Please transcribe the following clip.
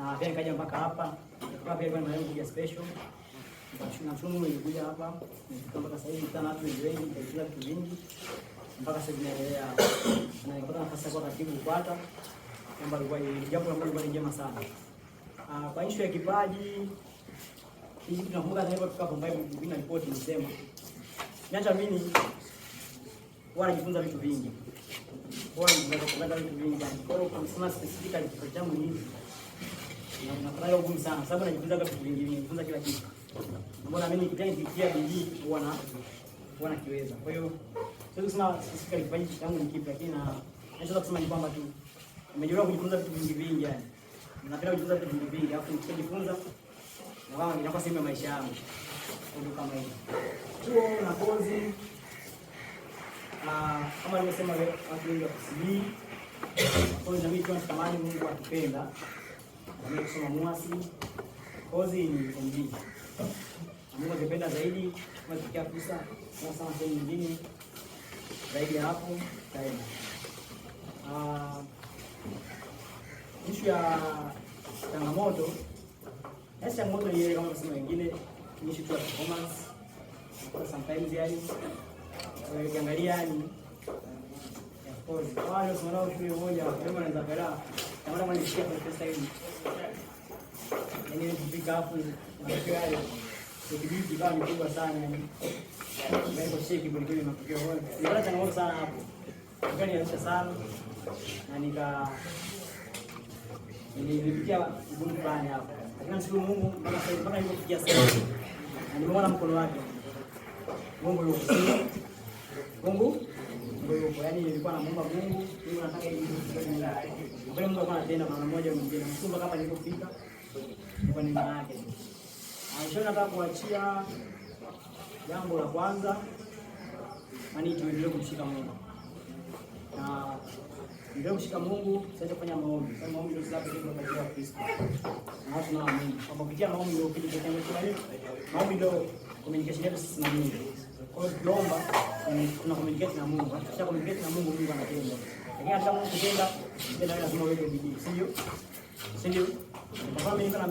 na pia nikaja mpaka hapa kwa pia kwa malengo ya special na chumu nilikuja hapa nilikuwa mpaka sasa hivi tena watu wengi wengi nikajifunza vitu vingi mpaka sasa ninaendelea na ipata nafasi kwa katibu kupata kwamba ilikuwa jambo ambalo lilikuwa njema sana. Ah, kwa issue ya kipaji hizi tunakumbuka taifa tukaa Bombay bila report nisema niacha mimi wala jifunza vitu vingi. Kwa hiyo tunaweza kupata vitu vingi. Kwa hiyo kwa msema specifically kwa changu ni napata hiyo ngumu sana, sababu najifunza kwa vitu vingi, najifunza kila kitu. Mbona mimi nikitaka nikitia bidii huwa na huwa nakiweza. Kwa hiyo siwezi kusema sika kipaji changu ni kipi, lakini na naweza kusema ni kwamba tu nimejifunza kujifunza vitu vingi vingi, yani napenda kujifunza vitu vingi vingi, alafu nikijifunza na kama inakuwa sehemu ya maisha yangu, ndio kama hiyo chuo na kozi kama nimesema, watu wengi wakusilii kozi na mimi tunashikamani, Mungu akipenda Unaweza kusoma muasi. Kozi ni mtu Mungu akipenda zaidi tunafikia fursa na sana sehemu nyingine zaidi ya hapo tena. Ah, ishu ya changamoto sasa, changamoto ni kama tunasema wengine ni ishu ya performance kwa sometimes, yani ukiangalia yani of course wale wanao shule moja kama anaweza kama anajisikia kwa pesa hivi yani kufika hapo matokeo hayo ikibii kibaa mkubwa sana kulikweli matokeo nilipata changamoto sana hapo, nikaniaisha sana na nika nilipitia ugumu fulani hapo, lakini nashukuru Mungu mpaka nilipofikia sasa na nimeona mkono wake Mungu yuko Mungu yuko yani, nilikuwa namuomba Mungu, Mungu nataka ili Mungu alikuwa anatenda mara moja mwingine mkumba kama nilipofika kwa neno lake. Aisha, nataka kuachia jambo la kwanza, yaani tuendelee kumshika Mungu na ndio kushika Mungu. Sasa kufanya maombi, Kwa maombi ndio sababu ndio ya Kristo na watu na Mungu, kwa sababu kupitia maombi ndio kile kitu cha kufanya. Maombi ndio communication yetu sisi na Mungu. Kwa hiyo tuomba, tuna communicate na Mungu. Hata communicate na Mungu, Mungu anatenda. Lakini hata Mungu kutenda, ndio lazima wewe bidii, sio? Sio? Baka may marami